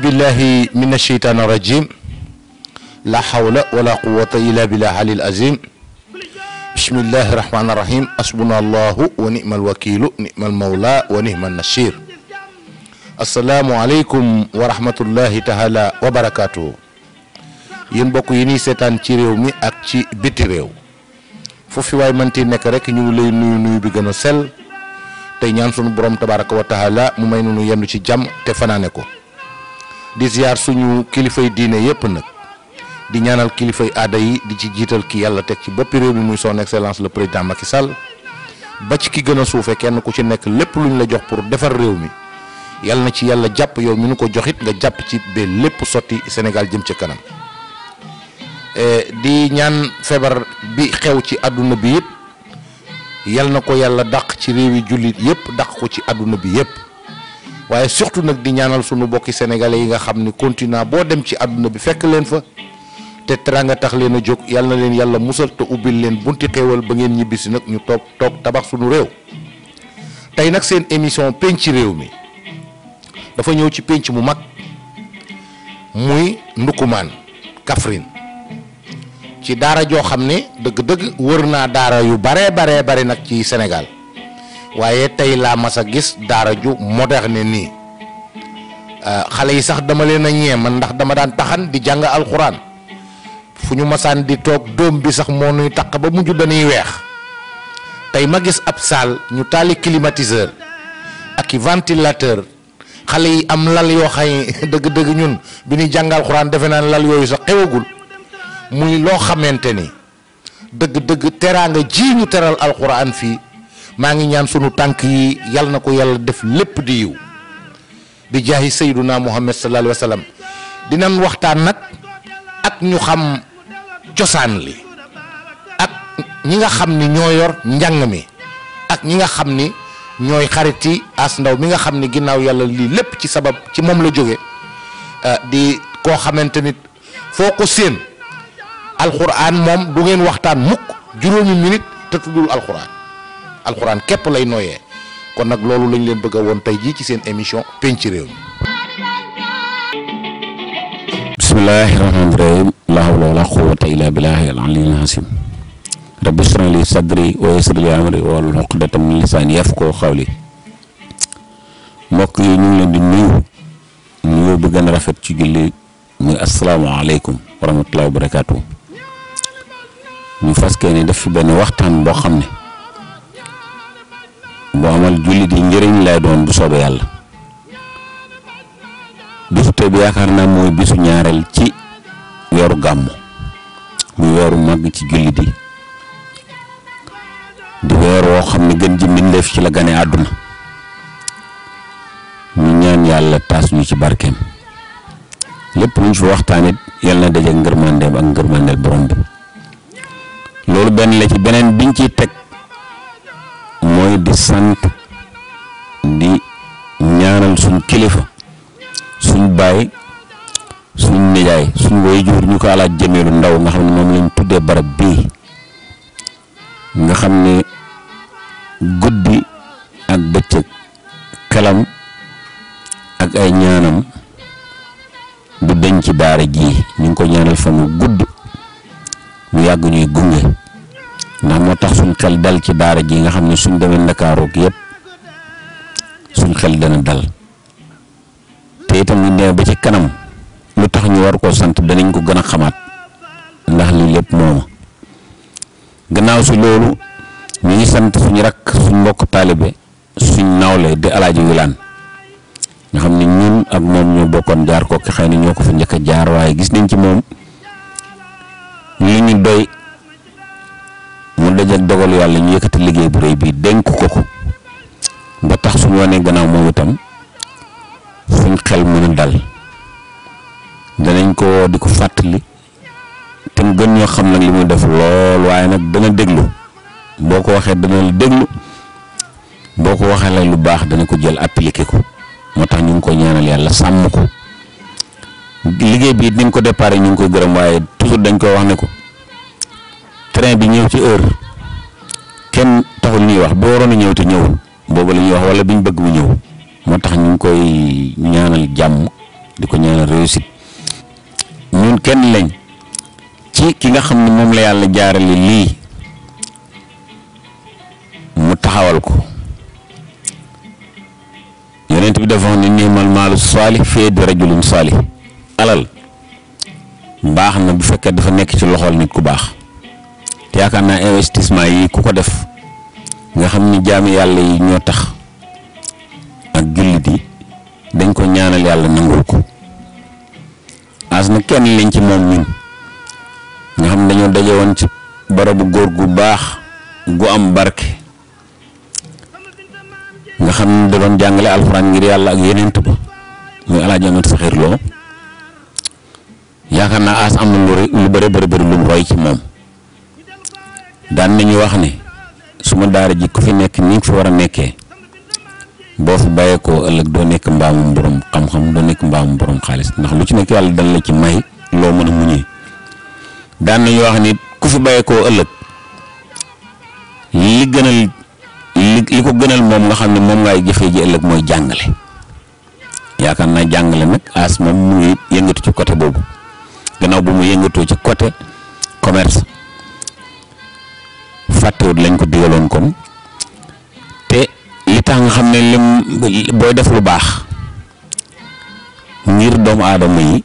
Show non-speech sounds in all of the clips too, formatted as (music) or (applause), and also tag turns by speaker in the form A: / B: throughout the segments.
A: billahi min asheytaan arajim la hawla wala quwata illa billah alil azim bismillahi rahmani rahim asbuna allahu wa nimal wakilu nimal mawla wa nimal nasir asalaamu aleykum wa rahmatullahi taala wa barakatuhu yéen bokk yi ñuy seetaan ci réew mi ak ci biti réew foofu waay mënti nekk rek ñu ngi lay nuyu nuyu bi gën a sell tey ñaan sunu borom tabaraka wa taala mu may nu nu yendu ci jàmm te fanaane ko di ziar suñu kilifay diine yépp nag di ñaanal kilifay aada yi di ci jiital ki yàlla teg ci boppi réew mi muy son excellence la président Macky Sall ba ci ki gën a suufe kenn ku ci nekk lépp lu ñu la jox pour defar réew mi yàlla na ci yàlla jàpp yow mi nu ko joxit nga jàpp ci ba lépp sotti Sénégal jëm ca kanam e, di ñaan feebar bi xew ci àdduna bi it yal na ko yàlla daq ci réew yi jullit yépp dàq ko ci àdduna bi yépp waaye surtout nag di ñaanal sunu bokki sénégalais yi nga xam ni continent boo dem ci àdduna bi fekk leen fa te teranga tax leen a jóg yàlla na leen yàlla musal te ubbil leen bunti xéewal ba ngeen ñibbisi nag ñu toog toog tabax sunu réew tey nag seen émission penc réew mi dafa ñëw ci penc mu mag muy ndukumaan Kaffrine ci daara joo xam ne dëgg-dëgg wër naa daara yu baree baree bari nag ci Sénégal waaye tey laa mas a gis daara ju moderne nii euh, xale yi sax dama leen a ñee man ndax dama daan taxan di jàng alxuraan fu ñu masaan di toog doom bi sax moo nuy taq ba mujj dañuy weex tey ma gis ab saal ñu taali climatiseur ak i ventilateur xale yi am lal yoo xay (laughs) dëgg-dëgg ñun bi ñuy jàng alxuraan defe naan lal yooyu sax xewagul muy loo xamante ni dëgg-dëgg teraanga ji ñu teral alxuraan fii maa ngi ñaan sunu tànk yi yal na ko yàlla def lépp di yiw bi jaahi sayyiduna muhammad sallallahu alayhi wa sallam dinañ waxtaan nag ak ñu xam cosaan li ak ñi nga xam ni ñoo yor njàng mi ak ñi nga xam ni ñooy xariti as ndaw mi nga xam ni ginnaaw yàlla lii lépp ci sabab ci moom la jóge ah, di koo xamante nit foo ko séen alxuraan moom du ngeen waxtaan mukk juróomi minute te tuddul alxuraan alxuraan képp lay nooyee kon nag loolu lañ leen bëgg woon tey jii ci seen émission penc réew mi
B: bismillahi rahmaani rahim la hawla wala quwwata illa billahi al aliyyil azim rabbi shrah li sadri wa yassir mbokk yi ñu leen di nuyu nuyoo bi gën a rafet ci julli muy asalaamaaleykum wa rahmatullahi barakaatu ñu fas kee def fi benn waxtaan boo xam ne bu amal jullit yi njëriñ lay doon bu soobee yàlla bisu tey bi yaakaar naa mooy bisu ñaareel ci weeru gàmm muy weeru màgg ci jullit yi di weer woo xam ne gën ji mbindeef ci la gane àdduna ñu ñaan yàlla taas ñu ci barkeem lépp luñ fi waxtaan it yàlla na daje ngërmandeem ak ngërmandeel borom bi loolu benn la ci beneen biñ ciy teg mooy di sant di ñaanal suñ kilifa suñ baay suñ nijaay suñ waajur ñu ko alaaj jëmeelu ndaw nga xam ne moom lañ tuddee barab bii nga xam ne guddi ak bëccëg kalam ak ay ñaanam du denc daara ji ñu ngi ko ñaanal fa mu gudd mu yàgg ñuy gunge xel dal ci daara ji nga xam ne suñ demee ndakaaroog yëpp suñ xel dana dal te itam ñu demee ba ci kanam lu tax ñu war koo sant danañ ko gën a xamaat ndax lii lépp mooma gannaaw si loolu ñu ngi sant suñu rakk suñ mbokk taalibe suñ nawle di alaaji wilaan nga xam ne ñun ak moom ñoo bokkoon jaar ko ki xëy na ñoo ko fa njëkk a jaar waaye gis nañ ci moom li ñu doy mu dajal dogal yàlla ñu yëkkati liggéey bu rëy bi dénk ko ko ba tax suñu wanee gannaaw moom itam suñ xel mën a dal danañ ko di ko fàttali te gën ñoo xam nag li mu def lool waaye nag dana déglu boo ko waxee dana déglu boo ko waxee la lu baax dana ko jël appliqué ko moo tax ñu ngi ko ñaanal yàlla sàmm ko liggéey bii ni ko déparé ñu ngi koy gërëm waaye toujours dañ koy wax ne ko train bi ñëw ci heure kenn taxul ñuy wax boo waroon a ñëw te ñëwul boobu lañuy wax wala bi ñu bëgg bu ñëw moo tax ñu koy ñaanal jàmm di ko ñaanal réussit ñun kenn lañ ci ki nga xam ne moom la yàlla jaaral jaarale lii mu taxawal ko yonent bi dafa wax ne nimal maalu saalih fee di rajulun saalih alal mbaax na bu fekkee dafa nekk ci loxol nit ku baax te yaakaar naa investissement yi ku ko def nga xam ni jaami yàlla yi ñoo tax ak jullit yi dañ ko ñaanal yàlla nangul ko as na kenn lañ ci moom ñun nga xam dañoo daje woon ci barabu góor gu baax gu am barke nga xam ne da doon jàngale alxuraan ngir yàlla ak yeneent ba muy alaaji amat loo yaakaar naa as am na lu bëri bëri bëri lu roy ci moom daan nañu wax ne suma daara ji ku fi nekk ni nga fi war a nekkee boo fi bàyyeekoo ëllëg doo nekk mbaamu borom xam-xam doo nekk mbaamu borom xaalis ndax lu ci nekk yàlla dana la ci may loo mën a mu muñee daan nañu wax ni ku fi bàyyeekoo ëllëg li gënal li li ko gënal moom nga xam ne moom ngay jëfee ji ëllëg mooy jàngale yaakaar naa jàngale nag as moom mu ngi yëngatu ci côté boobu gannaaw bu mu yëngatoo ci côté commerce. fàttewut lañ ko digaloon kon te li tax nga xam ne lim booy def lu baax ngir doomu aadama yi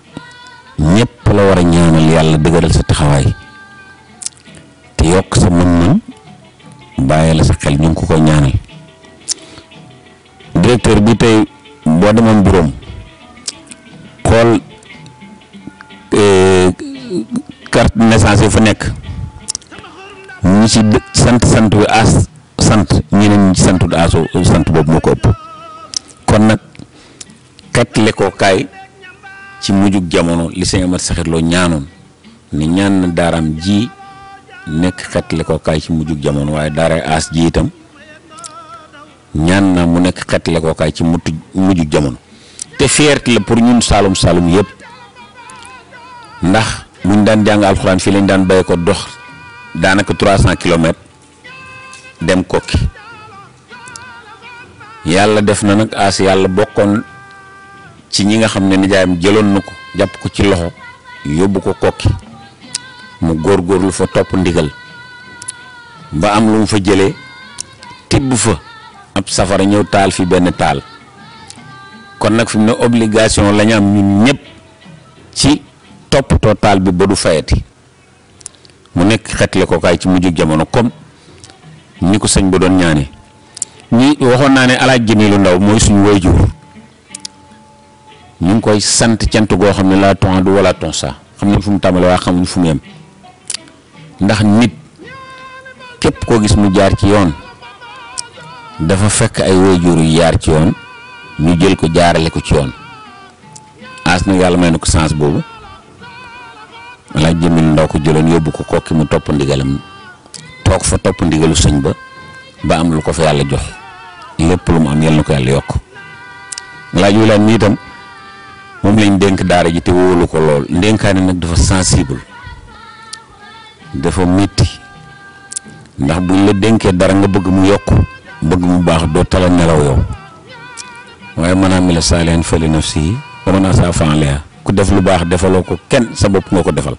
B: ñépp la war a ñaanal yàlla dëgëral sa taxawaay te yokk sa mën-mën bàyyi la sa xel ñu ngi ko koy ñaanal directeur bi tey boo demoon buróom xool euh, carte naissance yi fa nekk ñi ci sant sant bi aas sant ñeneen ñi ci sant boobu moo ko ëpp kon nag kat lekkookaay ci mujjug jamono li sëñ Amar Saxir Lo ñaanoon ni ñaan na daaraam ji nekk kat lekkookaay ci mujjug jamono waaye daaray aas ji ñaan na mu nekk kat ci muttu mujjug jamono te fierté la pour ñun saalum saalum yëpp ndax luñ daan jàng alxuraan fii lañ daan bay ko dox daanaka trois cent kilomètres dem kokki yàlla def na nag as yàlla bokkoon ci ñi nga xam ne nijaayam jëloon na ko jàpp ko ci loxo yóbbu ko kokki mu góorgóorlu fa topp ndigal ba am lu mu fa jëlee tibb fa ab safara ñëw taal fi benn taal kon nag fi mu ne obligation la ñu am ñun ñëpp ci toppatoo taal bi ba du fayati mu nekk xetle ko kaay ci mujjug jamono comme ni ko sëñ ba doon ñaane ni waxoon naa ne alaaj jamilu ndaw mooy suñu wayjur ñu ngi koy sant cant goo xam ne laa ton du wala ton sa xam ne fu mu tàmbale waa xamuñ fu mu yem ndax nit képp koo gis mu jaar ci yoon dafa fekk ay wayjur yu jaar ci yoon ñu jël ko jaarale ko ci yoon as na yàlla may na ko sens boobu Alaaji Jamil Ndaw ko jëloon yóbbu ko kokki mu topp ndigalam toog fa topp ndigalu sëñ ba ba am lu ko fa yàlla jox lépp lu mu am yal na ko yàlla yokk nii Wilane moom lañ dénk daara ji te wóolu ko lool ndénkaane nag dafa sensible dafa metti ndax buñ la dénkee dara nga bëgg mu yokk bëgg mu baax doo tala nelaw yow waaye man amila saalihan fali nafsi wa man asaa fa aleyha ku def lu baax defaloo ko kenn sa bopp nga ko defal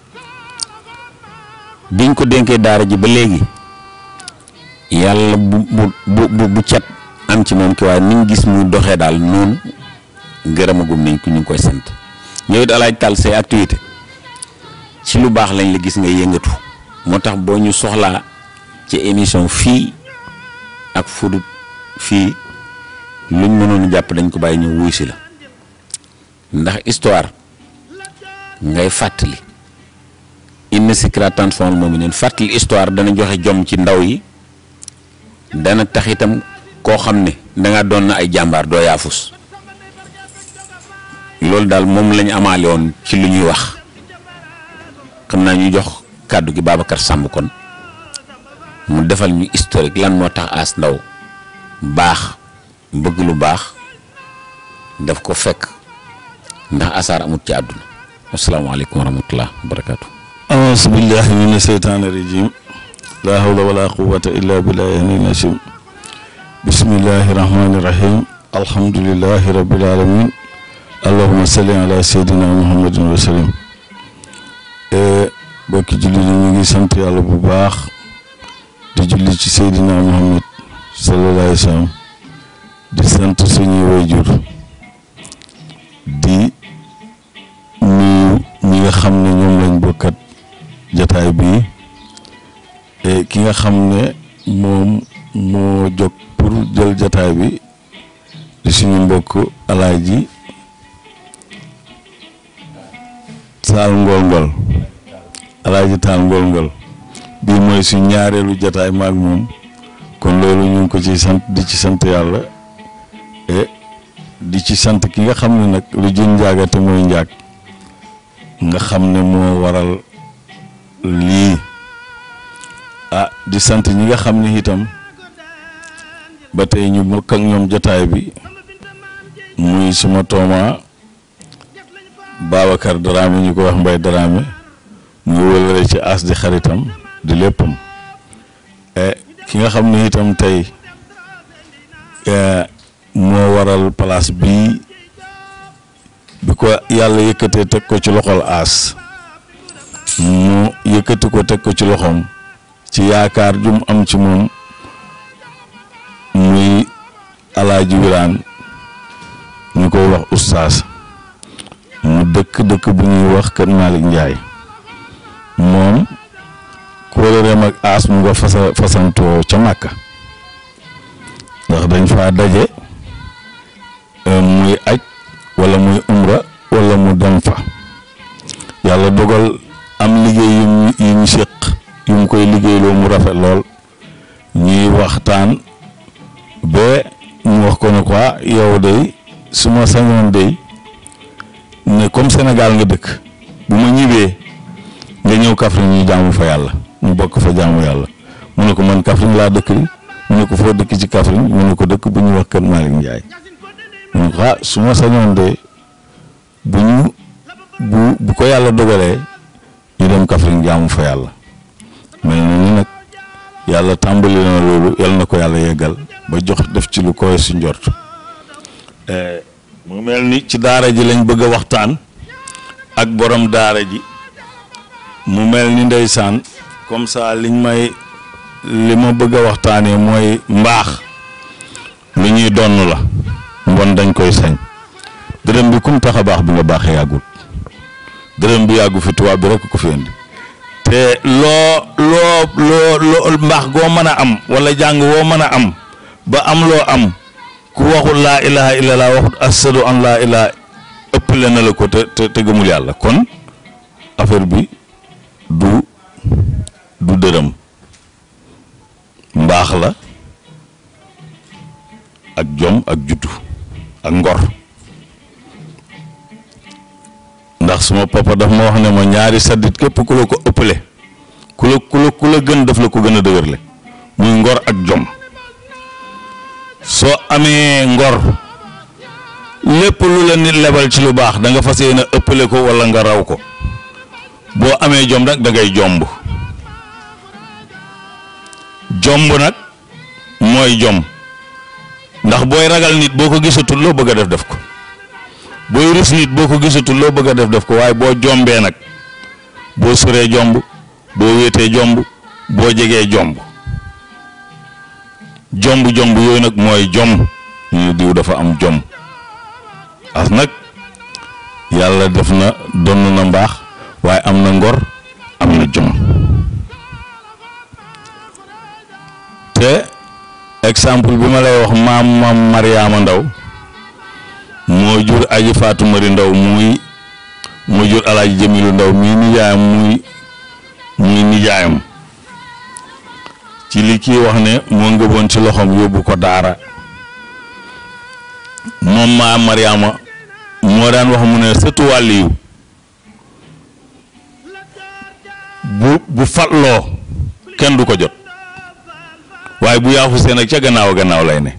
B: biñ ko dénkee daara ji ba léegi yàlla bu bu bu bu cat am ci moom ki waaye niñ gis muy doxee daal noonu gërëmagum nañ ko ñu ngi koy sant yow it alaaj taal say activité ci lu baax lañ la gis nga yëngatu moo tax boo ñu soxlaa ci émission fii ak fudut fii luñ mënoon jàpp dañ ko bàyyi ñëw wuy si la ndax histoire ngay fàttali inna sikra transforme muminin fàttali histoire dana joxe jom ci ndaw yi dana tax itam koo xam ne danga doon na ay jàmbaar doo yaafus loolu daal moom lañu amaale woon ci lu ñuy wax xam naa ñu jox kàddu gi Babacar sàmb kon mu defal ñu historique lan moo tax as ndaw baax bëgg lu baax daf ko fekk ndax asaar amut ci àdduna asalaamaaleykum wa rahmatullah wa barakaatu
C: auzu billahi mina seytaani rajim laa hawla wala quwata illa billahi aliyil azim bismillahi rahmani rahim alhamdulilahi rabbil alamin allahuma salli ala seydina muhammadin wa sallim eh, bokki julli di ñu ngi sant yàlla bu baax di julli seydina muhammad wa sallam di sant suñuy wayjur di nuyu ñi nga xam ne ñoom lañ bokkat jataay bi ki nga xam ne moom moo jóg pour jël jataay bi di suñu mbokk alaaji taal ngool ngool alaaji taal ngool ngool bii mooy su ñaareelu jataay maag moom kon loolu ñu ko ci sant di ci sant yàlla e di ci sant ki nga xam ne nag lu jën njaaga te mooy njaag nga xam ne moo waral lii ah di sant ñi nga xam ne itam ba tey ñu bokk ak ñoom jotaay bi muy suma tooma Babacar Dramé ñu ko wax Mbaye Dramé mu wëlale ci as di xaritam di léppam eh, ki nga xam ne itam tey eh, moo waral place bii bi ko yàlla yëkkatee teg ko ci loxol aas mu yëkkati ko teg ko ci loxoom ci yaakaar jum am ci moom muy alaaji wiraan ñu koy wax ustaas mu dëkk dëkk bu ñuy wax kër Malick Ndiaye moom kóolëreem ak aas mu nga fasantoo ca màkka ndax dañ faa daje euh, muy aj wala muy umra wala mu dem fa liggéeyloo mu rafet lool ñuy waxtaan ba mu wax ko ne ah, yow day su ma sañoon day ne comme Sénégal nga dëkk bu ma ñibbee nga ñëw Kaffrine ñu jaamu fa yàlla ñu bokk fa jaamu yàlla mu ne ko man Kaffrine laa dëkk mu ne ko foo dëkk ci Kaffrine mu ne ko dëkk bu ñu wax kër Malick Ndiaye mu ne ko ah su ma sañoon de bu ñu bu bu ko yàlla dogalee ñu dem Kaffrine jaamu fa yàlla mel na ni nag yàlla tàmbali na loolu yàlla na ko yàlla yeggal ba jox def ci lu koy si njort eh, mu mel ni ci daara ji lañ bëgg a waxtaan ak borom daara ji mu mel ni ndeysaan comme ça liñ may li ma bëgg a waxtaanee mooy mbaax lu ñuy donn la mbon dañ koy sañ dërëm bi kum tax a baax bi nga baaxee yàggul dërëm bi yàggu fi tubaab bi rekk ko fi te loo loo loo loo mbaax goo mën a am wala jàng woo mën a am ba am loo am ku waxul laa ilaha illallah waxut asadu an laa ilaha ëppale na la ko te te gëmul yàlla kon affaire bi du du dërëm mbaax la ak jom ak juddu ak ngor ndax suma papa daf ma wax ne ma ñaari saddit képp ku la ko ëppale ku la ku la gën daf la ko gën a dëgërle muy ngor ak jom soo amee ngor lépp lu la nit lebal ci lu baax danga nga fas yéene ëppale ko walla nga raw ko boo amee jom nag da ngay jomb jomb nag mooy jomb ndax booy ragal nit boo ko gisatul loo bëgg a def def ko booy rus nit boo ko gisatul loo bëgg a def def ko waaye boo jombee nag boo soree jomb boo wéetee jomb boo jegee jomb jomb jomb yooyu nag mooy jomb ñu diw dafa am jomb as nag yàlla def na donn na mbaax waaye am na ngor am na jom te exemple bi ma lay wax maam maam Mariama Ndaw moo jur aji faatu mari ndaw muy moo jur alaaji jamilu ndaw muy nijaayam muy muy nijaayam ci li kii wax ne moo ngëboon ci loxoom yóbbu ko daara moom maa mariama moo daan wax mu ne sëtu wàlliyu bu bu fatloo kenn du ko jot waaye bu yaafu seen ak ca gannaaw gannaaw lay ne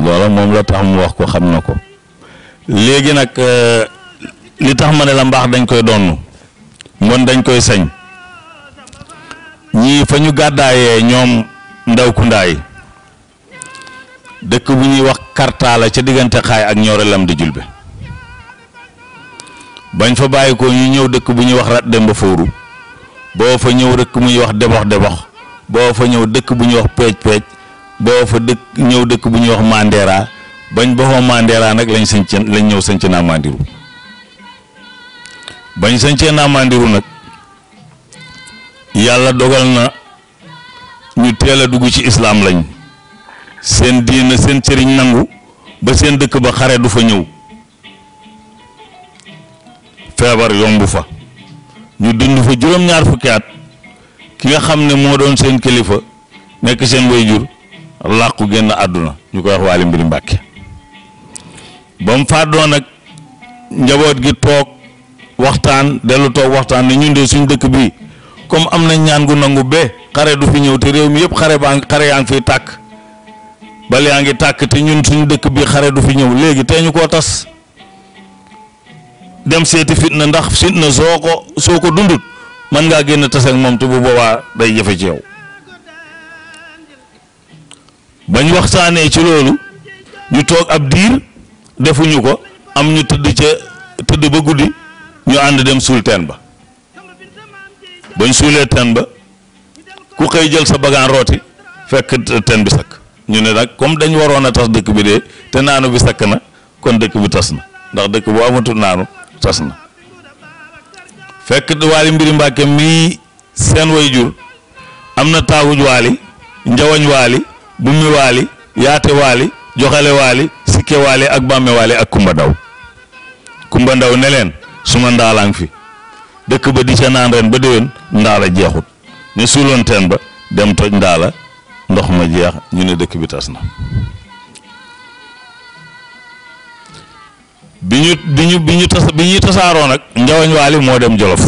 C: loola moom la tax mu wax ko xam na ko léegi nag euh, li tax ma ne la mbaax dañ koy donn mbon dañ koy sañ ñii fa ñu gàddaayee ñoom ndaw kundaay dëkk bu ñuy wax kartaala ca diggante xaay ak ñoore lam di julbe bañ fa bàyyi ñu ñëw dëkk bu ñuy wax rat demba fóoru boo fa ñëw dëkk bu ñuy wax debox debox boo fa ñëw dëkk bu ñuy wax peej peej boo fa dëkk ñëw dëkk bu ñuy wax Mandera bañ ba fa nag lañ sañc lañ ñëw sañc naa Mandiru bañ sañcee naa Mandiru nag yàlla dogal na ñu teel a dugg ci islaam lañ seen diina seen sëriñ nangu ba seen dëkk ba xare du fa ñëw feebar yomb fa ñu dund fa juróom-ñaar fukki at ki nga xam ne moo doon seen kilifa nekk seen way jur làqu génn àdduna ñu koy wax waali mbiri mbàkke ba mu fàddoo nag njaboot gi toog waxtaan dellu toog waxtaan ne ñun de suñ dëkk bi comme am na ñaan gu nangu be xare du fi ñëw te réew mi yëpp xare baa xare yaa ngi fi tàkk bal yaa ngi tàkk te ñun suñ dëkk bi xare du fi ñëw léegi tee ñu koo tas dem seeti fitna ndax fitna soo ko soo ko dundut mën ngaa génn tas ak moom te bu boobaa day jafe ci yow bañ waxtaanee ci loolu ñu toog ab diir defuñu ko am ñu tëdd ca tëdd ba guddi ñu ànd dem suul teen ba bañ suulee teen ba ku xëy jël sa bagaan rooti fekk teen bi sakk ñu ne nag comme dañ waroon a tas dëkk bi de te naanu bi sakk na kon dëkk bi tas na ndax dëkk boo amatu naanu tas na fekk waali mbiri mbàkke mii seen way jur am na taawuj waali njawañ waali bummi waali yaate waali joxale waali sikke waali ak bàmme waali ak kumba ndaw kumba ndaw ne leen suma ndaalaang fi dëkk ba di ca naan ren ba déwén ndaala jeexut ñu suuloon teen ba dem toj ndaala ndox ma jeex ñu ne dëkk bi tas na bi ñu bi ñu tas bi ñuy tasaaroo nag njawañ waali moo dem jolof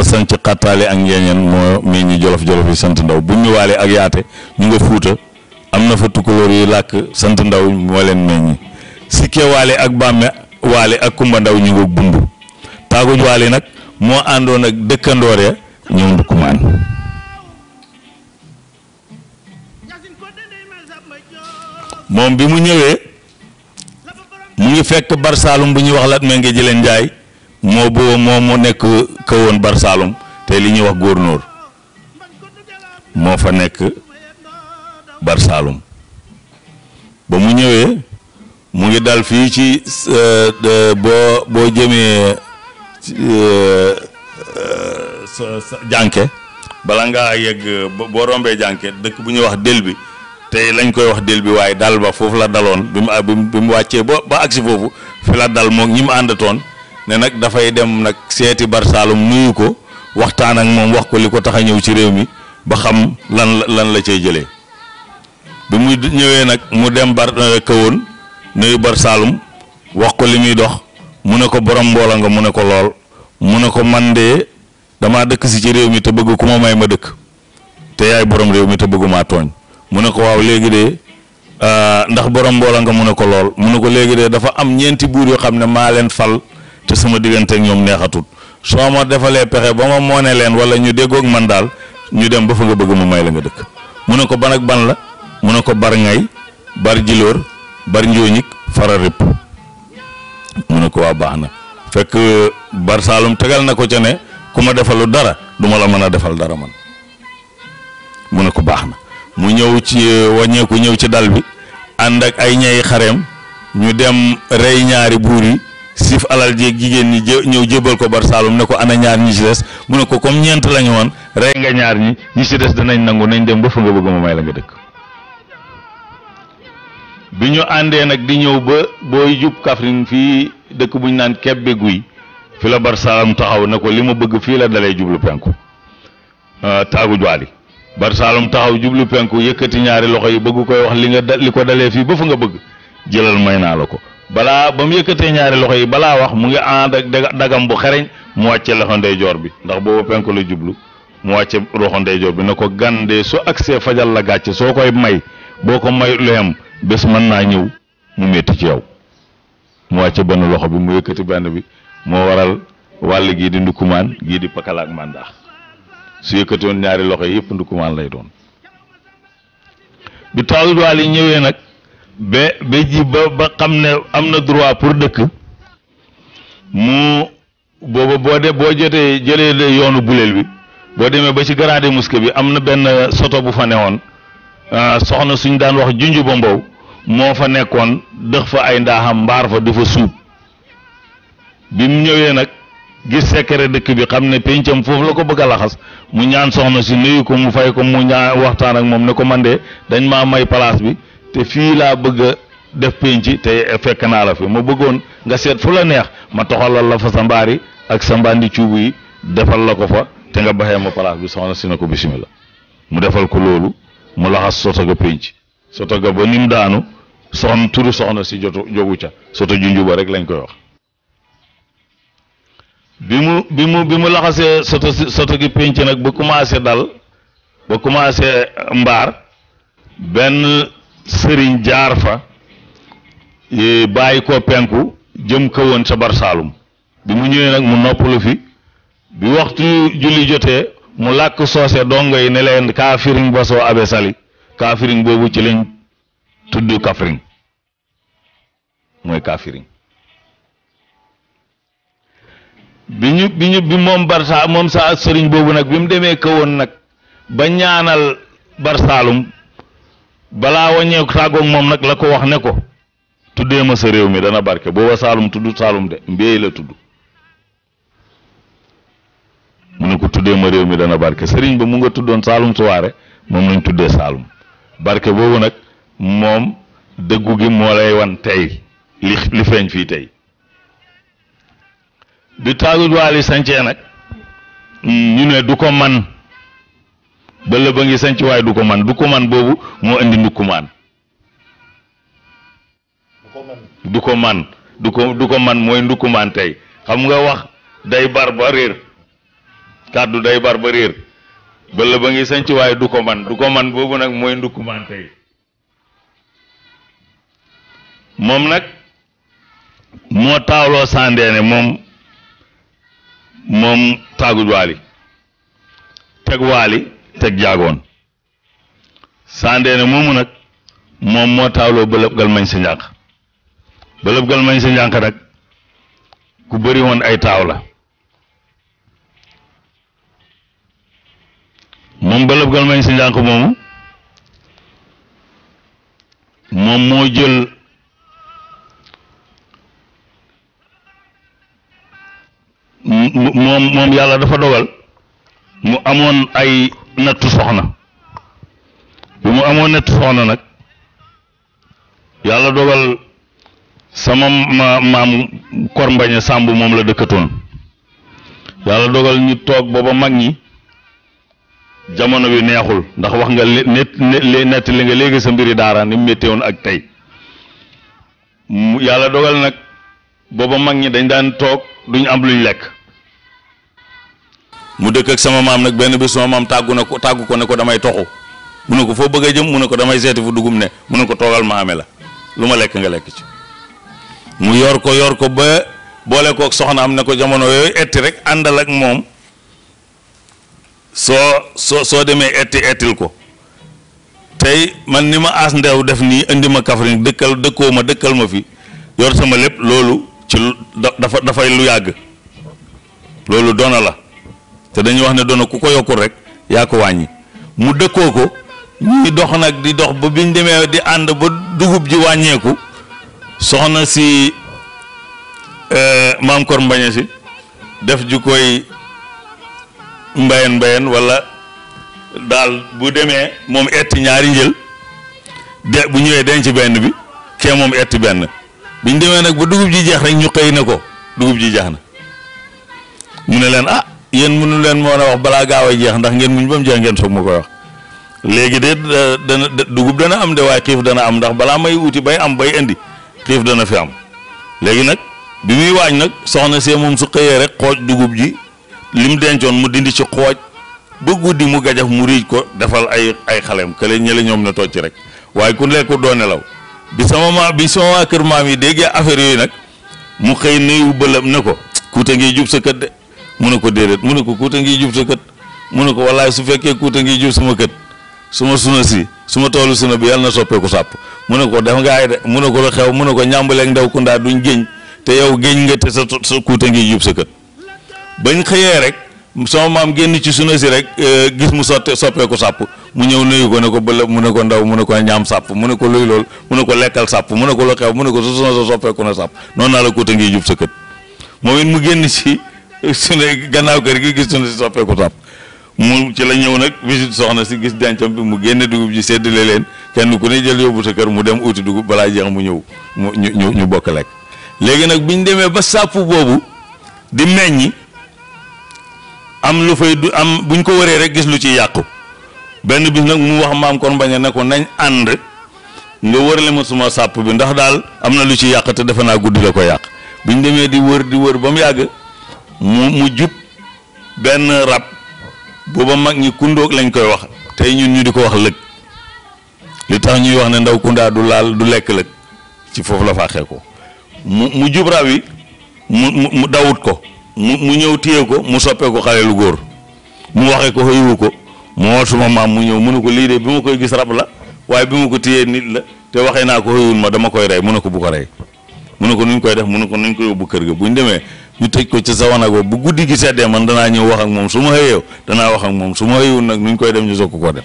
C: moo sanc xattaale ak ngeeñeen moo mii ñi jolof-jolof yi sant ndaw bu ñu waalee ak yaate ñu nga fuuta am na fa tukulóor yi làkk sant ndaw moo leen meññi sikke waale ak bàmme waale ak kumba ndaw ñu nga bund taaguñ waale nag moo àndoon ak dëkkandoor ya ñëw ndukkumaan moom bi mu ñëwee mu ngi fekk barsaalum bu ñuy wax la me ngi ji leen njaay moo boo moo mu nekk ka woon bar te li ñuy wax góornóor moo fa nekk bar ba mu ñëwee mu ngi dal fii ci euh, euh, boo boo jëmee euh, jànke bala ngaa yegg boo rombee jànke dëkk bu ñuy wax del bi tey lañ koy wax del bi waaye dal ba foofu la daloon bi mu wàccee ba ba agsi foofu fi la dal moo ñi mu àndatoon ne nag dafay dem nag seeti barsaalum nuyu ko waxtaan ak moom wax ko li ko tax a ñëw ci réew mi ba xam lan lan la cee jëlee bi mu ñëwee nag mu dem bar euh, kawoon nuyu barsaalum wax ko li muy dox mu ne ko borom mboola nga mu ne ko lool mu ne ko man de damaa dëkk si ci réew mi te bëgg ku ma may ma dëkk te yaay borom réew mi te bëggumaa mu ne ko waaw léegi de euh, ndax borom mboola nga mu ne ko lool mu ne ko léegi de dafa am ñeenti buur yoo xam ne maa leen fal te sama diggante ñoom neexatul soo ma defalee pexe ba ma moone leen wala ñu déggoog man daal ñu dem ba fa nga bëgg mu may la nga dëkk mu ne ko ban ban la mu ne ko bar ngay bar jilóor bar njooñik fara rëpp mu ne ko waa baax na fekk bar saalum tegal na ko ca ne ku ma defalu dara duma la mën a defal dara man mu ne ko baax na mu ñëw ci wàññeeku ñëw ci dal bi ànd ak ay ñay xareem ñu dem rey ñaari buur yi siif alal jéeg jigéen ñi jë ñëw jébal ko bar saalum ne ko ana ñaar ñi ci des mu ne ko comme ñeent lañu woon rey nga ñaar ñi ñi ci des danañ nangu nañ dem ba fa nga bëgg ma may la nga dëkk bi ñu àndee nag di ñëw ba booy jub Kaffrine fii dëkk bu ñu naan kebbe guy fi la bar saalum taxaw ne ko li ma bëgg fii la dalee jublu penku euh, taagu jwaali bar saalum taxaw jublu penku yëkkati ñaari loxo yi bëgg koy wax li nga li ko dalee fii ba fa nga bëgg jëlal may naa la ko balaa ba mu yëkkatee ñaari loxo yi balaa wax mu ngi ànd ak dagam bu xereñ mu wàcce loxo ndeyjoor bi ndax boobu penku la jublu mu wàcce loxo ndeyjoor bi ne ko gàndee su agsee fajal la gàcce soo koy may boo ko may luyam bés mën naa ñëw mu metti ci yow mu wàcce benn loxo bi mu yëkkati benn bi moo waral wàll gii di ndukumaan gii di pakala ak màndaax su yëkkati ñaari loxo yëpp ndukumaan lay doon bi taalut waal yi ñëwee nag ba ba ji ba ba xam ne am na droit pour dëkk mu booba boo de boo jotee jëlee yoonu buleel bi boo demee ba ci grande mosquée bi am na benn soto bu fa newoon ah, soxna suñ daan wax junj ba mbow moo fa nekkoon dëx fa ay ndaaxam mbaar fa di fa suub bi mu ñëwee nag gis secret dëkk bi xam ne pencam foofu la ko bëgg laxas mu ñaan soxna si nuyu ko mu fay ko mu ñaan waxtaan ak moom ne ko man dañ maa may place bi te fii laa bëgg def penc te fekk naa la fi ma bëggoon nga seet fu la neex ma toxalal la fa sa mbaari ak sa mbaandi cuubu yi defal la ko fa te nga baxee ma palaas bi soxna si na ko bismillah mu defal ko loolu mu laxas soto ga penc soto ga ba nim daanu soxna turu soxna si jotu jogu ca soto junju ba rek lañ koy wax bi mu bi mu laxasee soto soto gi nag ba commencé dal ba commencé mbaar benn sëriñ jaar fa e bàyyi ko penku jëm kawoon ca barsaalum bi mu ñëwee nag mu noppalu fi bi waxtu julli jotee mu làkk soose dongo yi ne leen kaafiriñ basoo abe sali kaafiriñ boobu ci lañ tudd kafriñ mooy kaafiriñ bi ñu bi moom barsa moom sa sëriñ boobu nag bi mu demee kawoon nag ba ñaanal barsaalum balaa wàññeeku tàggoog moom nag la ko wax ne ko tuddee ma sa réew mi dana barke booba saalum tudd saalum de mbéy la tudd mu ne ko tuddee ma réew mi dana barke sëriñ ba mu nga tuddoon saalum suwaare moom lañ tuddee saalum barke boobu nag moom dëggu gi moo lay wan tey li li feeñ fii tey bi taagut waali sancee nag ñu ne du ko man bële a ngi sanc waaye du ko man du ko man boobu moo indi ndukkumaan du ko man du ko du ko man mooy ndukkumaan tey xam nga wax day bar ba réer kàddu day bar ba réer bële ba ngi sanc waaye du ko man du ko man boobu nag mooy ndukkumaan tey moom nag moo taawloo sandeene moom moom taaguj waali teg waali teg jaagoon sandeene moomu nag moom moo taawloo bëlëb gal mañ sa njànq bëlëb gal mañ sa njànq nag ku bëri woon ay taaw la moom bëlëb gal mañ sa njànq moomu moom moo jël moom moom yàlla dafa dogal mu amoon ay nettu soxna bi mu amoon nattu soxna nag yàlla dogal sama ma maam kor mbañe sàmb moom la dëkkatoon yàlla dogal ñu toog booba mag ñi jamono bi neexul ndax wax nga net nett li nga léegi sa mbiri daara ni woon ak tey yàlla dogal nag booba mag ñi dañ daan toog duñ am luñ lekk mu dëkk ak sama maam nag benn bés sama maam tàggu na ko tàggu ko ne ko damay toxu mu ne ko foo bëgg a jëm mun ne ko damay seeti fu dugub ne mu a ko toogal ma la lu ma lekk nga lekk ci mu yor ko yor ko ba boole kook soxna am ne ko jamono yooyu etti rek àndal ak moom soo soo soo demee etti ettil ko tey man ni ma aas ndew def nii indi ma kafrin dëkkal dëkkoo ma dëkkal ma fi yor sama lépp loolu ci dafa dafay lu yàgg loolu doona la te dañu wax ne doona ku ko yokkul rek yaa ko wàññi mu dëkkoo ko ñuy dox nag di dox ba biñ demee di ànd ba dugub ji wàññeeku soxna si eh, maam kor mbañe si def ju koy mbayen mbayen walla daal bu demee moom etti ñaari njël de bu ñëwee denc benn bi kee moom etti benn biñ demee nag ba dugub ji jeex rek ñu xëy na ko dugub ji jeex na mu ne leen ah yéen mënu leen moo a wax balaa gaaw a jeex ndax ngeen muñ ba mu jeex ngeen soog ma koy wax léegi de dana dugub dana am de waaye xiif dana am ndax balaa may wuti bay am bay indi xiif dana fi am léegi nag bi muy waañ nag soxna see moom su xëyee rek xooj dugub ji lim dencoon mu dindi ci xooj ba guddi mu gajaf mu riij ko defal ay ay xaleem kële ñële ñoom ne tocc rek waaye ku lekku doo nelaw bi sama ma bi sama kër maam yi déggee affaire yooyu nag mu xëy nuyu bëlëm ne ko kuute ngi jub sa kët mu ne ko déedéet mu ne ko kuuta ngi jub sa kët mu ne ko wallaay su fekkee kuuta ngi jub sama kët su ma suna si su ma toolu suna bi yàlla na soppeeku sàpp mu ne ko def nga mu ne ko lu xew mu ne ko ñàmbaleeg ndaw kundaa duñ géñ te yow géñ nga te sa sa kuuta ngi jub sa kët bañ xëyee rek sama maam génn ci suna si rek gis mu sotte soppeeku sàpp mu ñëw nuyu ko ne ko bële mu ne ko ndaw mu ne ko ñaam sàpp mu ne ko luy lool mu ne ko lekkal sàpp mu ne ko lu xew mu ne ko su suna sa soppeeku na sàpp noon naa la kuuta ngi jub sa kët moom it mu génn ci (laughs) sunu gannaaw kër gi gis sunu si soppeeku topp mu ci la ñëw nag visite soxna si gis dencam bi mu génne dugub ji séddale leen kenn ku ne jël yóbbu sa kër mu dem uti dugub balaa jeex mu ñëw mu ñu ñu bokk lekk léegi nag bi ñu demee ba sàpp boobu di meññi am lu fay du am bu ko waree rek gis lu ci yàqu benn bis nag mu wax maam kon bañ a ne ko nañ ànd nga wërale ma suma sàpp bi ndax daal am na lu ci yàq te defe naa guddi la ko yàq bu ñu demee di wër di wër ba mu yàgg. mu mu jub benn rab booba mag ñi kundoog lañ koy wax tey ñun ñu di ko wax lëg li tax ñuy wax ne ndaw kundaa du laal du lekk lëg ci foofu la faaxee ko mu mu jub rab yi mu mu dawut ko mu mu ñëw téye ko mu soppee ko xale lu góor mu waxee ko xëywu ko moo suma maam mu ñëw mu ne ko lii de bi ma koy gis rab la waaye bi ma ko téyee nit la te waxee naa ko xëyul ma dama koy rey mu ne ko bu ko rey mu ne ko nuñ koy def mu ne ko nuñ ko yóbbu kër ga ñu demee ñu tëj ko ci sa wanago bu guddi gi seddee man danaa ñëw wax ak moom su ma xëyeew danaa wax ak moom su ma xëyewul nag nuñ koy dem ñu sokk koo dem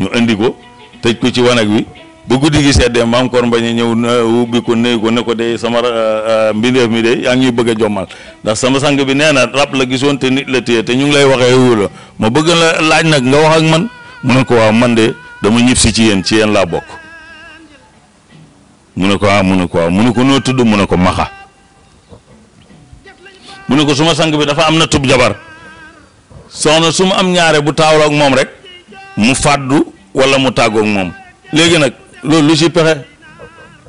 C: ñu indi ko tëj ko ci wanag wi ba guddi gi seddee maam Kor Mbañe ñëw ubbi ko néew ne ko de sama euh, euh, mbindeef mi de yaa ngi bëgg a jommal ndax sama sang bi nee na rab la gisoon te nit la te ñu ngi lay waxee wóor la ma bëgg la laaj nag nga wax ak man mu ne ko waaw man de dama ñib si ci yéen ci yéen laa bokk mu ne ko ah mu ne ko waaw mu ne ko noo tudd mu ne ko maxa mu ne ko suma sang bi dafa am na tub jabar soxna su mu am ñaare bu taawloo ak moom rek mu fàddu wala mu tàggoog moom léegi nag loolu lu ci pexe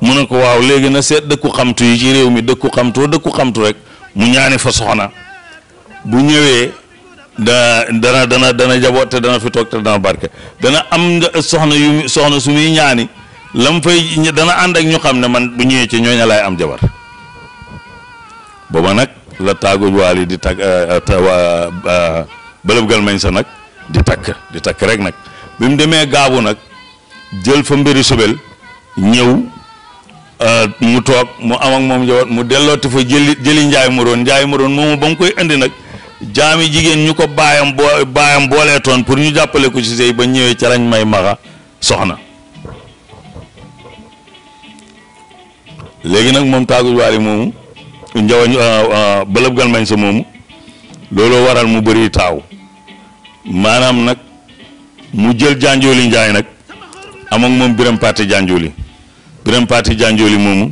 C: mu ne ko waaw léegi na seet dëkku xamtu yi ci réew mi dëkku xamtoo dëkku xamtu rek mu ñaani fa soxna bu ñëwee da dana dana jaboot te fi toog te dana barke dana am yu soxna su muy ñaani la mu fay dana ànd ak ñu xam ne man bu ñëwee ci ñooña laay am jabar booba nag la taaguj waal di takk bëlëb gal mañ sa nag di takk di takk rek nag bi mu demee gaabu nag jël fa mbiri subel ñëw euh, mu toog mu am moom njaboot mu dellooti fa jëli jëli njaay mu doon njaay mu doon moomu ba mu koy indi nag jaami jigéen ñu ko baayam boo baayam toon pour ñu jàppale ko ci sëy ba ñëwee ca lañ may maxa soxna léegi nag moom taaguj waal moomu njawañ uh, uh, bëlëb galmañ sa moomu looloo waral mu bari taaw maanaam nag mu jël janjooli njaay nag am ak moom biram parti janjooli biram parti janjooli moomu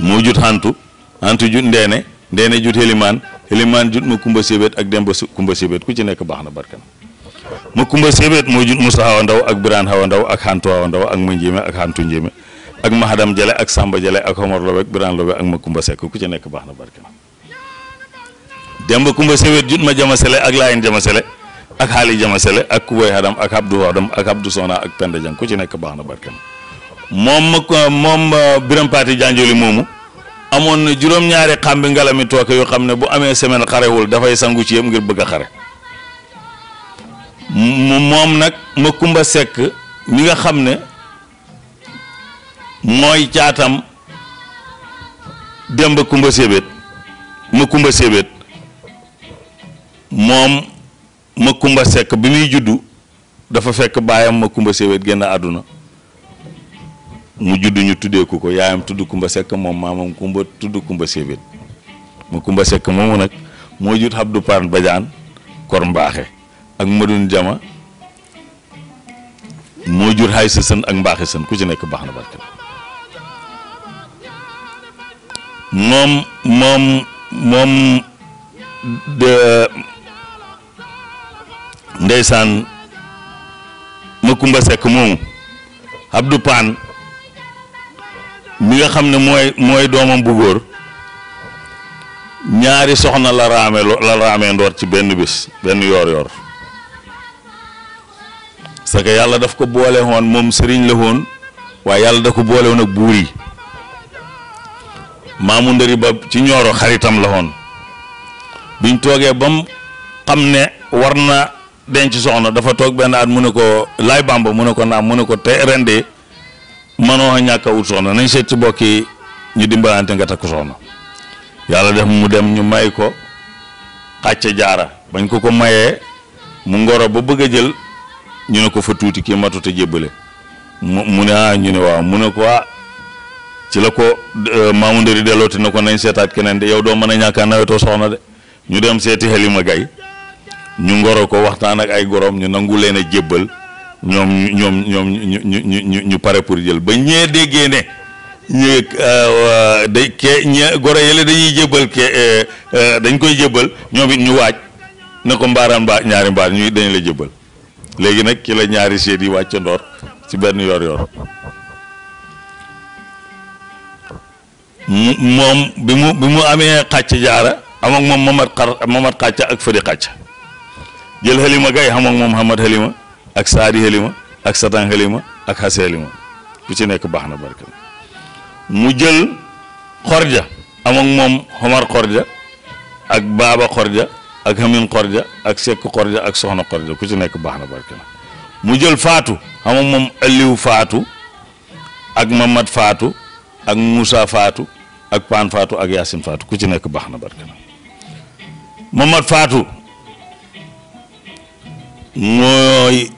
C: moo jut xantu xantu jut ndeene ndeene jut helimaan helimaan jut ma kumba sebet ak demba kumba sébét ku ci nekk baax na barkan ma kumba sébét moo jut musa xawa ndaw ak biraan xawa ndaw ak xantu xawa ndaw ak ma njéeme ak xantu njéeme ak Mahadam Jale ak Samba jële ak Omar Lobe ak Birane Lobe ak Makumba Seck ku ci nekk baax na barke na Demba Kumba Sewet ak Laayen jama sele ak ak Kubay ak Abdou Wadam ak ku ci nekk baax na barke na moom moom euh, Biram Paati Janjoli moomu amoon na juróom-ñaari xàmbi ngalami tooke yoo xam ne bu amee semaine xarewul dafay sangu ci yëpp ngir bëgg a xare moom nag nga xam ne mooy caatam demba kumba sébét ma kumba sébét moom ma kumba sekk bi muy juddu dafa fekk baayam ma kumba sébét genn àdduna mu juddu ñu tuddee ku ko yaayam tudd kumba sekk moom maamam kumba tudd kumba sébét ma kumba sekk moomu nag moo jur Abdou Paan ak madun jama moo jur xay sa sën ak mbaaxe sën ku ci nekk baax na barke moom moom moom de ma Makumba Sekk moomu Abdou Paan mi nga xam ne mooy mooy doomam bu góor ñaari soxna la raame la raame ndoor ci benn bis benn yoor yoor parce que yàlla daf ko boole moom sëriñ la woon waaye yàlla daf ko boole woon ak buur yi maamu ndëri ba ci ñooro xaritam la woon biñ toogee ba mu xam ne war na denc soxna dafa toog benn at mu ne ko laay bamba mu ne ko naam mu ne ko te ren de mënoo ñàkk a wut soxna nañ seet ci mbokk yi ñu dimbalante nga takk soxna yàlla def mu dem ñu may ko xàcce jaara bañ ko ko mayee mu ngoro ba bëgg a jël ñu ne ko fa tuuti kii matut a jébbale mu mu ne ah ñu ne waaw mu ne ko ah ci la ko euh, maamu ndëri dellooti na ko nañ seetaat keneen de yow doo mën a ñàkkaa nawetoo soxna de ñu dem seeti Halima gay ñu ngoro ko waxtaan ak ay gorom ñu nangu leen a jébbal ñoom ñoom ñoom ñu ñu ñu ñu pare pour jël ba ñee déggee ne euh, day kee ñee goro yële dañuy jébbal kee euh, dañ koy jébbal ñoom it ñu waaj ne ko mbaaraan mbaa ñaari mbaar ñuy dañ la jébbal léegi nag ki la ñaari seet yi wàcc ndoor ci benn yor-yor. moom bi mu bi mu amee xàcc jaara am ak moom mamat xar ak fëri xàcc jël xalima gay xam ak moom xamat ak saadi xalima ak satan xalima ku ci nekk baax na barke mu jël xorja am ak moom xomar xorja ak baaba xorja ak xamin xorja ak sekk xorja ak soxna xorja ku ci nekk baax na barke mu jël faatu xam ak moom alliw faatu ak mamat faatu ak Moussa Faatu ak Paan Faatu ak Yaasin Faatu ku ci nekk baax na barke na Faatu mooy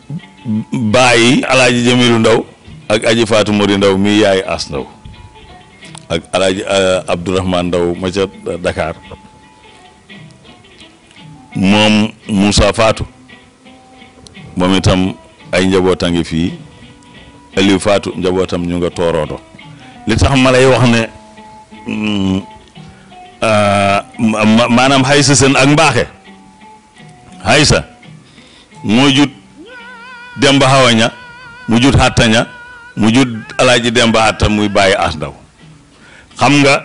C: bàyyi alaaji Jamilu Ndaw ak aji Faatu Mori Ndaw mi yaay As Ndaw ak alaaji eh, Abdourahman Ndaw ma Dakar moom Moussa Faatu moom itam ay njabootangi fii Aliou Faatu njabootam ñu nga toorooto li tax ma lay wax ne mm, ah, maanaam xaysa seen ak mbaaxe xaysa moo jut demba ña mu jut xàttaña mu jut alaaji demba muy bàyyi as ndaw xam nga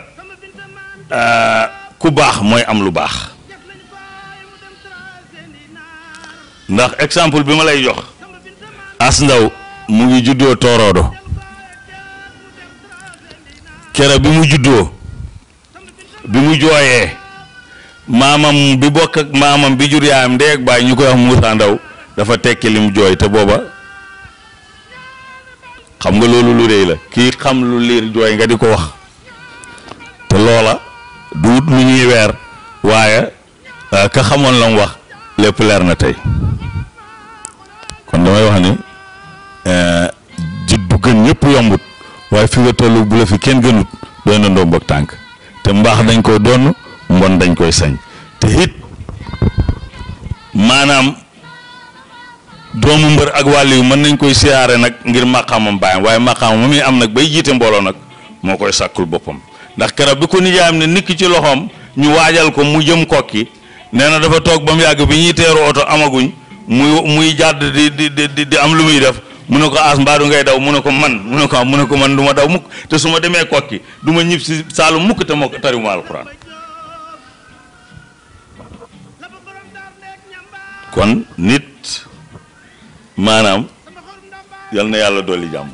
C: ah, ku baax mooy am lu baax ndax exemple bi ma lay jox as ndaw mu ngi juddoo tooroodo kere bi mu juddoo bi mu jooyee maamam bi bokk ak maamam bi jur yaayam ndey ak baay ñu koy wax Moussa dafa tekki li jooy te booba xam nga loolu lu réy la kii xam lu liir jooy nga di ko wax te loola du wut lu ñuy weer waaye euh, ka xamoon la mu wax lépp leer na tey kon damay wax ni euh, juddu gën ñépp yombut waaye fi nga toll bu la fi kenn gënut doy na ndomb ak tànk te mbaax dañ koo donn mbon dañ koy sañ te it maanaam doomu mbër ak wàll yi mën nañ koy siyaare nag ngir màqaamam baayam waaye màqaamam mi am nag bay jiite mbooloo nag moo koy sàkkul boppam ndax keroog bi ko nijaayam ne nikk ci loxoom ñu waajal ko mu jëm kokki nee na dafa toog ba mu yàgg bi ñuy teeru oto amaguñ muy muy jàdd di di di di am lu muy def mu ne ko aas mbaadu ngay daw mu ne ko man mu ne ko ah mu ne ko man du ma daw mukk te su ma demee kokki du ma ñib si saalum mukk te moo ko tariwuma alxuraan kon nit maanaam yal na yàlla dolli jàmm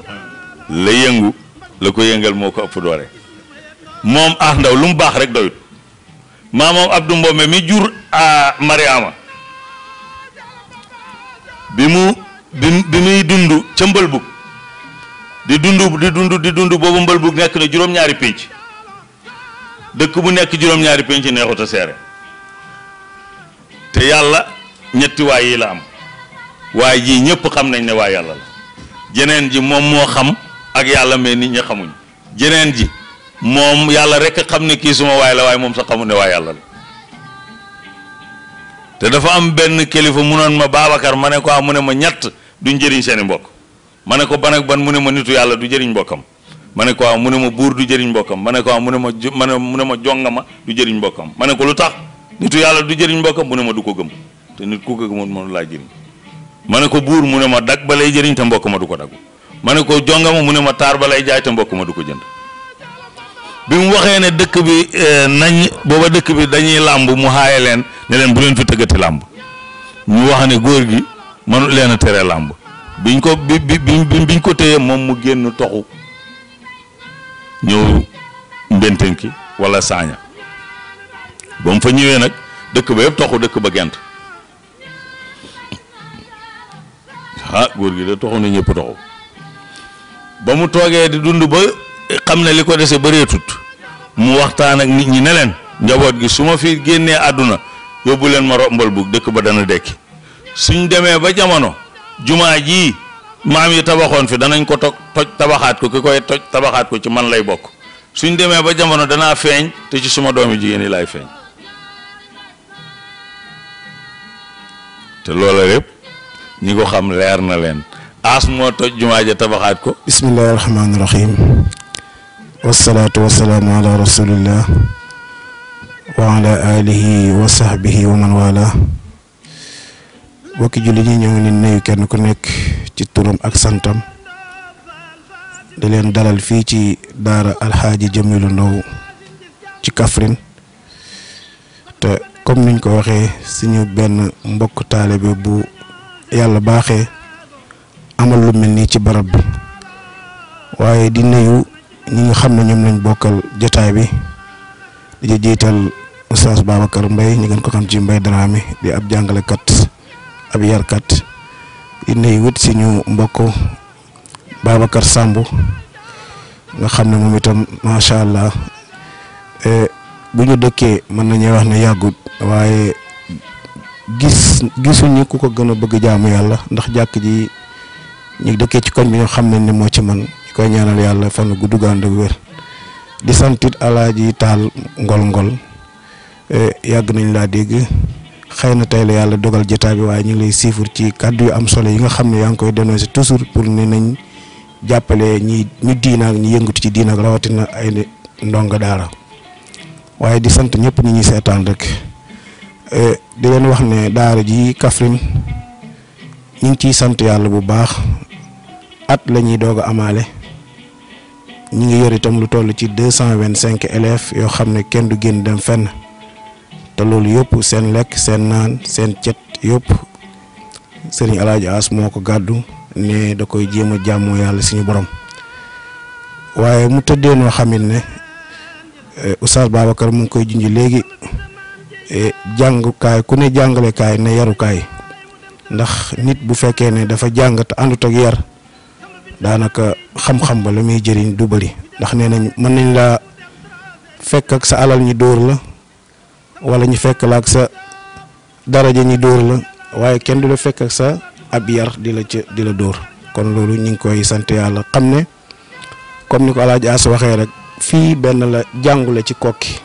C: la yëngu la ko yëngal moo ko ëpp doole moom aas ndaw lu mu baax rek doyut maa moom Abdou Mbombe mi jur ah, a bi mu bi bi muy dund ca mbëlbug di dund di dund di dund boobu mbëlbug nekk na juróom-ñaari pénc dëkk bu nekk juróom-ñaari pénc neexut a seere te yàlla ñetti waay yi la am waaye jii ñëpp xam nañ ne waa yàlla la jeneen ji moom moo xam ak yàlla mais nit ñi xamuñ jeneen ji moom yàlla rekk xam ne kii suma waay la waaye moom sa xamu ne waa yàlla la te dafa am benn kilifa mu noon ma Babacar ma ne ko am ah, mu ne ma ñett duñ jëriñ seen i mbokk ma ne ko banag ak ban mu ne ma nitu yàlla du jëriñ mbokkam ma ne ko waaw mu ne ma buur du jëriñ mbokkam ma ne ko waaw mu ne ma ma ne mu ne ma jongama du jëriñ mbokkam ma ne ko lu tax nitu yàlla du jëriñ mbokkam mu ne ma du ko gëm te nit ku ko gëmoon laa jëriñ ma ne ko buur mu ne ma dag ba lay jëriñ te mbokk ma du ko daggu ma ne ko jongama mu ne ma taar ba lay jaay te mbokk ma du ko jënd bi mu waxee ne dëkk bi eh, nañ booba dëkk bi dañuy làmb mu xaaye leen ne leen bu leen fi tëggati làmb ñu wax ne góor gi mënut leen a tere làmb biñ ko bi bi biñ ko téyee moom mu génn toxu ñëw mbéntënki wala saaña ba mu fa ñëwee nag dëkk ba yëpp toxu dëkk ba gent ah góor gi de toxu na ñëpp toxu ba mu toogee di dund ba xam ne li ko dese bëreetut mu waxtaan ak nit ñi ne leen njaboot gi su ma fi génnee àdduna yóbbu leen ma rombal bu dëkk ba dana dekki suñ demee ba jamono jumaa jii maam yi tabaxoon fi danañ ko toj tabaxaat ko ki koy toj tabaxaat ko ci man lay bokk suñ demee ba jamono danaa feeñ te ci suma doomi jigéen yi laay feeñ te loola lépp ñi ko xam leer na leen aas moo toj jumaa ji tabaxaat ko
D: bismillahi rahmaani rahim wasalaatu wasalaamu wa ala wa man wala bokki julli ñi ñëw leen nuyu kenn ku nekk ci turam ak santam di leen dalal fii ci daara alxaaji Jamilu Ndaw ci Kaffrine te comme niñ ko waxee suñu benn mbokk bi bu yàlla baaxee amal lu mel nii ci barab bi waaye di nayu ñu nga xam ne ñoom lañu bokkal jataay bi di jiital Oustaz Babacar Mbaye ñu gën ko xam ci Mbaye Dramé di ab jàngalekat ab yarkat inay wut si ñu mbokk Babacar Samb nga xam ne moom itam macha allah e, bu ñu dëkkee mën nañuy wax ne yàggut waaye gis gisuñu ku ko gën a bëgg jaamu yàlla ndax jàkk ji ñu dëkkee ci koñ bi ñoo xam ne ni moo ci man ñu koy ñaanal yàlla fan gudd gaande wér di santit yi taal ngol ngol e, yàgg nañ laa dégg xëy na tey la yàlla dogal jotaay bi waaye ñu ngi lay siifur ci kàddu yu am solo yi nga xam ne yaa ngi koy dénoncé toujours pour ne nañ jàppale ñi ñu diina ñi yëngatu ci diina ak rawatina ay ndongo daara waaye di sant ñëpp ñu ñuy seetaan rek eh, di leen wax ne daara ji Kaffrine ñu ngi sant yàlla bu baax at la ñuy doog a amaale ñu ngi yor itam lu toll ci deux cent vingt cinq élèves yoo xam ne kenn du génn dem fenn. te loolu yëpp seen lekk seen naan seen cet yëpp sëriñ Alaaji As moo ko gàddu ne da koy jéem a jàmmoo yàlla suñu borom waaye mu tëddee noo xamit ne eh, Oustaz Babacar mu ngi koy junj léegi eh, jàngukaay ku ne jàngalekaay ne yarukaay ndax nit bu fekkee ne dafa jàng te àndut ak yar daanaka xam-xam ba la muy jëriñ du bari ndax nee nañ mën nañ laa fekk ak sa alal ñi dóor la. wala ñu fekk la ak sa dara ja ñi dóor la waaye kenn du la fekk ak sa ab yar di la ca di la dóor kon loolu ñu ngi koy sant yàlla xam ne comme ni ko Alaaji As waxee rek fii benn la jàngu la ci kokki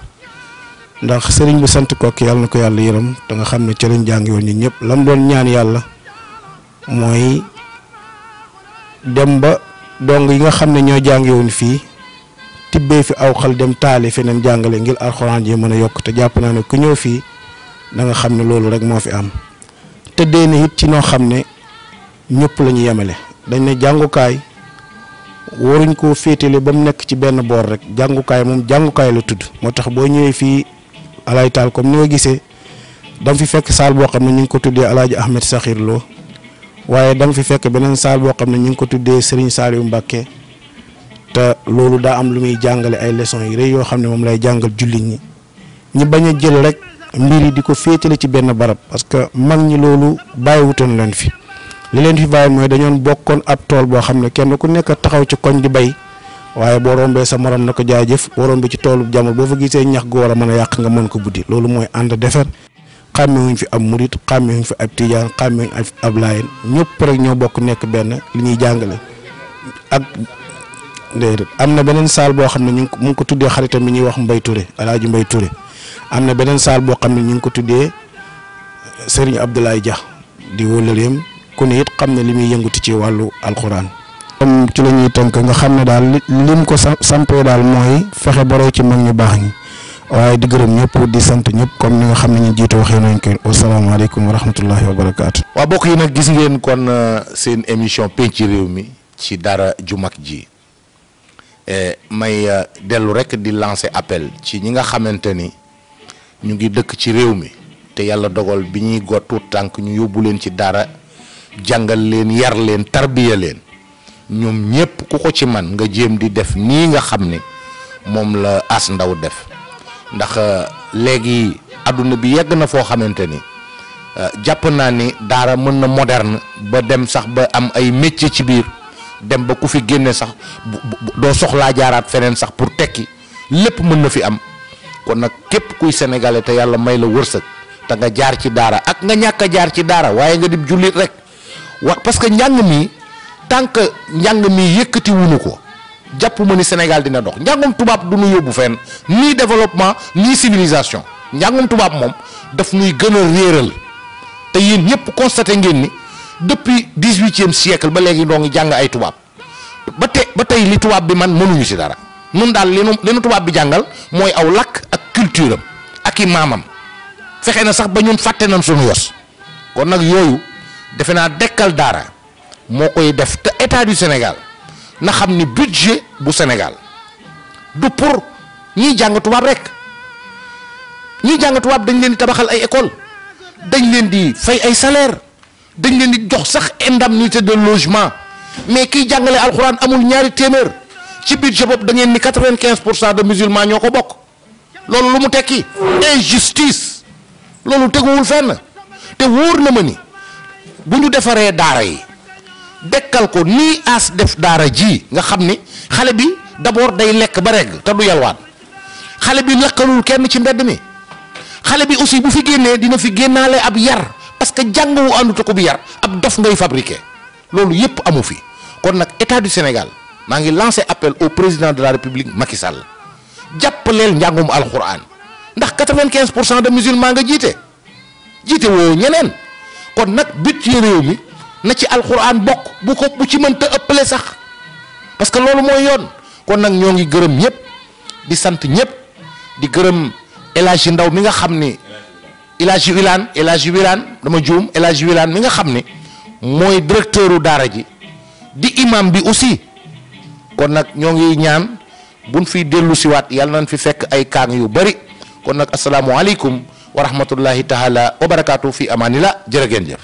D: ndax sëriñ bi sant kokki yàlla na ko yàlla yërëm te nga xam ne ca lañ jàngi woon ñun ñëpp lam doon ñaan yàlla mooy dem ba dong yi nga xam ne ñoo jàngi woon fii tibbee fi aw xal dem taali feneen jàngale ngir alxuraan ji mën a yokk te jàpp naa ne ku ñëw fii da nga xam ne loolu rek moo fi am tëddee na it ci noo xam ne ñëpp la ñu yemale dañ ne jàngukaay waruñ koo féetale ba mu nekk ci benn boor rek jàngukaay moom jàngukaay la tudd moo tax boo ñëwee fii alay taal comme ni nga gisee danga fi fekk saal boo xam ne ñu ngi ko tuddee alaaji Ahmed Sakhir loo waaye danga fi fekk beneen saal boo xam ne ñu ngi ko tuddee Serigne Saliou Mbacke te loolu daa am lu muy jàngale ay leçons yu rëy yoo xam ne moom lay jàngal julli ñi ñi bañ a jël rek mbir yi di ko féetale ci benn barab parce que mag ñi loolu bàyyiwutoon leen fi li leen fi bàyyi mooy dañoon bokkoon ab tool boo xam ne kenn ku nekk taxaw ci koñ di bay waaye boo rombee sa morom na ko jaajëf boo rombee ci toolu jamono boo fa gisee ñax gu war a mën a yàq nga mën ko buddi loolu mooy ànd defar xàmmewuñ fi ab murit xàmmewuñ fi ab tijaan xàmmewuñ ab laayen ñëpp rek ñoo bokk nekk benn li ñuy jàngale ak déedéet am na beneen saal boo xam ne ñu ngi ko mu ngi ko tuddee xaritam mi ñuy wax Mbaye Touré El Hadj Mbaye am na beneen saal boo xam ne ñu ngi ko tuddee Serigne Abdoulaye Dia di wóllëreem ku ne it xam ne li muy yëngatu ci wàllu alxuraan. comme ci la ñuy tënk nga xam ne daal lim ko sampee daal mooy fexe boroo ci mag ñu baax ñi waaye di gërëm ñëpp di sant ñëpp comme ni nga xam ne ñu jiitu waxee nañ ko wasalaamaaleykum wa rahmatullahi wa barakaatu.
A: waa mbokk yi nag gis ngeen kon euh, seen émission penc réew mi ci dara ju mag ji. Eh, may eh, dellu rek di lancer appel ci ñi nga xamante ni ñu ngi dëkk ci réew mi te yàlla dogal bi ñuy gottu tànk ñu yóbbu leen ci dara jàngal leen yar leen tarbiya leen ñoom ñépp ku ko ci man nga jéem di def nii nga xam ni moom la as ndaw def ndax eh, léegi àdduna bi yegg na foo xamante ni jàpp naa ni daara mën na moderne ba dem sax ba am ay métier ci biir dem ba ku fi génne sax doo soxlaa jaaraat feneen sax pour tekki lépp mën na fi am kon nag képp kuy sénégalais te yàlla may la wërsëg te nga jaar ci daara ak nga ñàkk jaar ci daara waaye nga dib jullit rek wa parce que njàng mi tant que njàng mi yëkkati wunu ko jàpp ma ni Sénégal dina dox njàngum tubaab du ñu yóbbu fenn ni développement ni civilisation njàngum tubaab moom daf ñuy gën a réeral te yéen ñëpp constaté ngeen ni. depuis dix-huitième siècle ba léegi doo ngi jàng ay tubaab ba te ba tey li tubaab bi man mënuñu si dara nun daal li nu li tubaab bi jàngal mooy aw lakk ak culture am ak i maamam fexe na sax ba ñun fàtte nañ suñu yos kon nag yooyu defe naa dekkal daara moo koy def te état du Sénégal na xam ni budget bu Sénégal du pour ñiy jàng tubaab rek ñiy jàng tubaab dañ leen di tabaxal ay école dañ leen di fay ay salaire dañ leen di jox sax indemnité de logement mais kiy jàngale alxuraan amul ñaari téeméer ci biir boobu da ngeen ni quatre-vingt-quinze pour cent de musulmans ñoo ko bokk loolu lu mu tekki injustice loolu teguwul fenn te wóor na ma ni bu ñu defaree daara yi dekkal ko nii as def daara ji nga xam ni xale bi d'abord day lekk ba regg te du yalwaan xale bi lekkalul kenn ci mbedd mi xale bi aussi bu fi génnee dina fi génnaale ab yar parce que jàng wu àndut ko bu yar ab dof ngay fabriqué loolu yépp amu fi kon nag état du Sénégal maa ngi lancé appel au président de la république Macky Sall jàppaleel njàngum alxuraan ndax 95 pour cent de musulmans nga jiite jiite woo ñeneen kon nag but ci réew mi na ci alxuraan bokk bu ko bu ci mënta ëppale sax parce que loolu mooy yoon kon nag ñoo ngi gërëm ñëpp di sant ñëpp di gërëm El Hadji Ndaw mi nga xam ni El wilaan Wilane El Hadji Wilane dama juum El Hadji mi nga xam ne mooy directeur u daara ji di imam bi aussi kon nag ñoo ngi ñaan buñ fiy dellu siwaat yàlla nañ fi fekk ay kaang yu bari kon nag asalaamualeykum wa rahmatullahi taala wa barakaatu fi amaanila jërë ngeen jëf